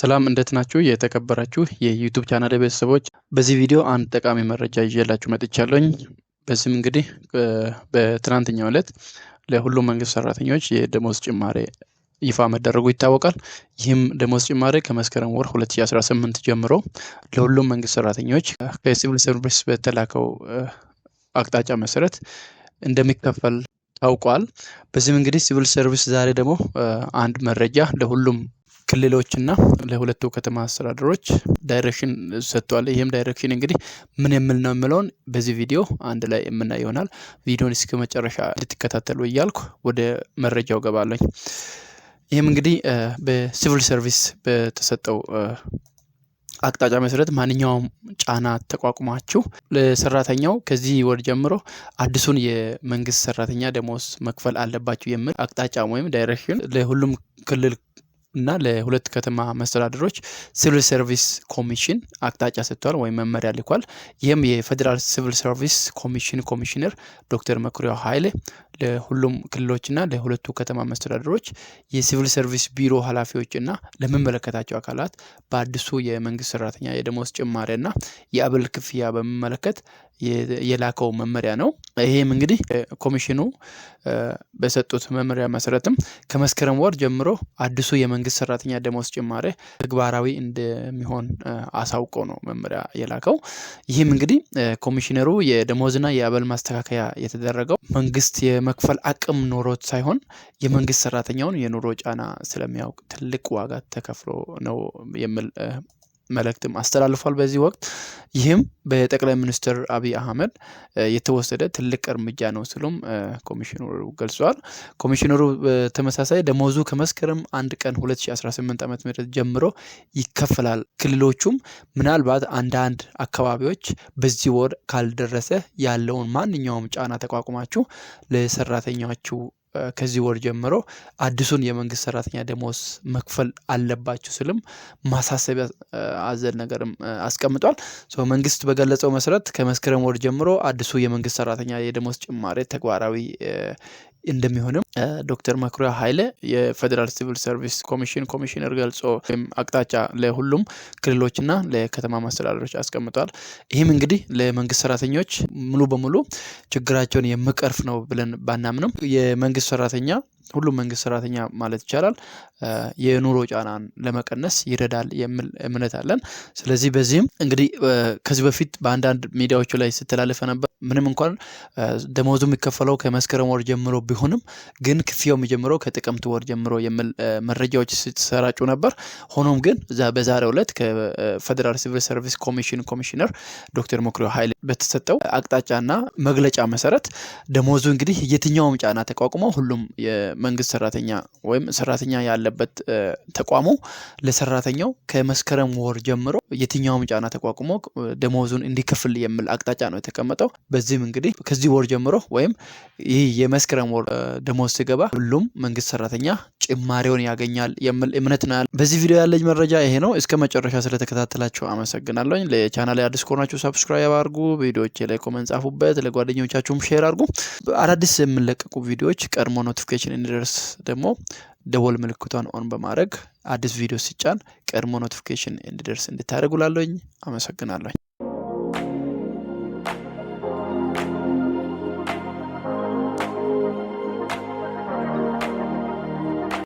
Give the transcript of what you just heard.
ሰላም እንዴት ናችሁ? የተከበራችሁ የዩቱብ ቻናል ቤተሰቦች፣ በዚህ ቪዲዮ አንድ ጠቃሚ መረጃ ይዤላችሁ መጥቻለሁኝ። በዚህም እንግዲህ በትናንትኛው ዕለት ለሁሉም መንግስት ሰራተኞች የደሞዝ ጭማሬ ይፋ መደረጉ ይታወቃል። ይህም ደሞዝ ጭማሬ ከመስከረም ወር 2018 ጀምሮ ለሁሉም መንግስት ሰራተኞች ከሲቪል ሰርቪስ በተላከው አቅጣጫ መሰረት እንደሚከፈል ታውቋል። በዚህም እንግዲህ ሲቪል ሰርቪስ ዛሬ ደግሞ አንድ መረጃ ለሁሉም ክልሎችና ለሁለቱ ከተማ አስተዳደሮች ዳይሬክሽን ሰጥቷል። ይህም ዳይሬክሽን እንግዲህ ምን የምል ነው የምለውን በዚህ ቪዲዮ አንድ ላይ የምናይ ይሆናል። ቪዲዮን እስከ መጨረሻ እንድትከታተሉ እያልኩ ወደ መረጃው ገባለኝ። ይህም እንግዲህ በሲቪል ሰርቪስ በተሰጠው አቅጣጫ መሰረት ማንኛውም ጫና ተቋቁማችሁ ለሰራተኛው ከዚህ ወር ጀምሮ አዲሱን የመንግስት ሰራተኛ ደሞዝ መክፈል አለባችሁ የሚል አቅጣጫ ወይም ዳይሬክሽን ለሁሉም ክልል እና ለሁለት ከተማ መስተዳድሮች ሲቪል ሰርቪስ ኮሚሽን አቅጣጫ ሰጥቷል ወይም መመሪያ ልኳል። ይህም የፌዴራል ሲቪል ሰርቪስ ኮሚሽን ኮሚሽነር ዶክተር መኩሪያው ኃይሌ ለሁሉም ክልሎችና ለሁለቱ ከተማ መስተዳድሮች የሲቪል ሰርቪስ ቢሮ ኃላፊዎችና ለሚመለከታቸው አካላት በአዲሱ የመንግስት ሰራተኛ የደሞዝ ጭማሪና የአበል ክፍያ በሚመለከት የላከው መመሪያ ነው። ይሄም እንግዲህ ኮሚሽኑ በሰጡት መመሪያ መሰረትም ከመስከረም ወር ጀምሮ አዲሱ የመንግስት ሰራተኛ ደሞዝ ጭማሬ ተግባራዊ እንደሚሆን አሳውቆ ነው መመሪያ የላከው። ይህም እንግዲህ ኮሚሽነሩ የደሞዝና የአበል ማስተካከያ የተደረገው መንግስት የመክፈል አቅም ኖሮት ሳይሆን የመንግስት ሰራተኛውን የኑሮ ጫና ስለሚያውቅ ትልቅ ዋጋ ተከፍሎ ነው የሚል መልእክትም አስተላልፏል። በዚህ ወቅት ይህም በጠቅላይ ሚኒስትር አብይ አህመድ የተወሰደ ትልቅ እርምጃ ነው ሲሉም ኮሚሽነሩ ገልጿል። ኮሚሽነሩ በተመሳሳይ ደሞዙ ከመስከረም አንድ ቀን 2018 ም ጀምሮ ይከፈላል። ክልሎቹም ምናልባት አንዳንድ አካባቢዎች በዚህ ወር ካልደረሰ ያለውን ማንኛውም ጫና ተቋቁማችሁ ለሰራተኛችሁ ከዚህ ወር ጀምሮ አዲሱን የመንግስት ሰራተኛ ደሞዝ መክፈል አለባችሁ ስልም ማሳሰቢያ አዘል ነገርም አስቀምጧል። መንግስት በገለጸው መሰረት ከመስከረም ወር ጀምሮ አዲሱ የመንግስት ሰራተኛ የደሞዝ ጭማሬ ተግባራዊ እንደሚሆንም ዶክተር መኩሪያ ኃይሌ የፌዴራል ሲቪል ሰርቪስ ኮሚሽን ኮሚሽነር ገልጾ ወይም አቅጣጫ ለሁሉም ክልሎችና ለከተማ ማስተዳደሮች አስቀምጧል። ይህም እንግዲህ ለመንግስት ሰራተኞች ሙሉ በሙሉ ችግራቸውን የሚቀርፍ ነው ብለን ባናምንም የመንግስት ሰራተኛ ሁሉም መንግስት ሰራተኛ ማለት ይቻላል የኑሮ ጫናን ለመቀነስ ይረዳል የሚል እምነት አለን። ስለዚህ በዚህም እንግዲህ ከዚህ በፊት በአንዳንድ ሚዲያዎቹ ላይ ስተላለፈ ነበር። ምንም እንኳን ደመወዙ የሚከፈለው ከመስከረም ወር ጀምሮ ቢሆንም ግን ክፍያው የሚጀምረው ከጥቅምት ወር ጀምሮ የሚል መረጃዎች ሲሰራጩ ነበር። ሆኖም ግን በዛሬው ዕለት ከፌዴራል ሲቪል ሰርቪስ ኮሚሽን ኮሚሽነር ዶክተር መኩሪያ ኃይሌ በተሰጠው አቅጣጫና መግለጫ መሰረት ደመወዙ እንግዲህ የትኛውም ጫና ተቋቁሞ ሁሉም መንግስት ሰራተኛ ወይም ሰራተኛ ያለበት ተቋሙ ለሰራተኛው ከመስከረም ወር ጀምሮ የትኛውም ጫና ተቋቁሞ ደሞዙን እንዲከፍል የሚል አቅጣጫ ነው የተቀመጠው። በዚህም እንግዲህ ከዚህ ወር ጀምሮ ወይም ይህ የመስከረም ወር ደሞዝ ሲገባ ሁሉም መንግስት ሰራተኛ ጭማሪውን ያገኛል የሚል እምነት ነው ያለ። በዚህ ቪዲዮ ያለኝ መረጃ ይሄ ነው። እስከ መጨረሻ ስለተከታተላችሁ አመሰግናለሁኝ። ለቻናል አዲስ ከሆናችሁ ሰብስክራይብ አድርጉ፣ ቪዲዮዎቼ ላይ ኮመንት ጻፉበት፣ ለጓደኞቻችሁም ሼር አድርጉ። አዳዲስ የምንለቀቁ ቪዲዮዎች ቀድሞ ኖቲፊኬሽን እስከምንደርስ ደግሞ ደወል ምልክቷን ኦን በማድረግ አዲስ ቪዲዮ ሲጫን ቀድሞ ኖቲፊኬሽን እንዲደርስ እንድታደርጉላለኝ። አመሰግናለሁ። አመሰግናለሁኝ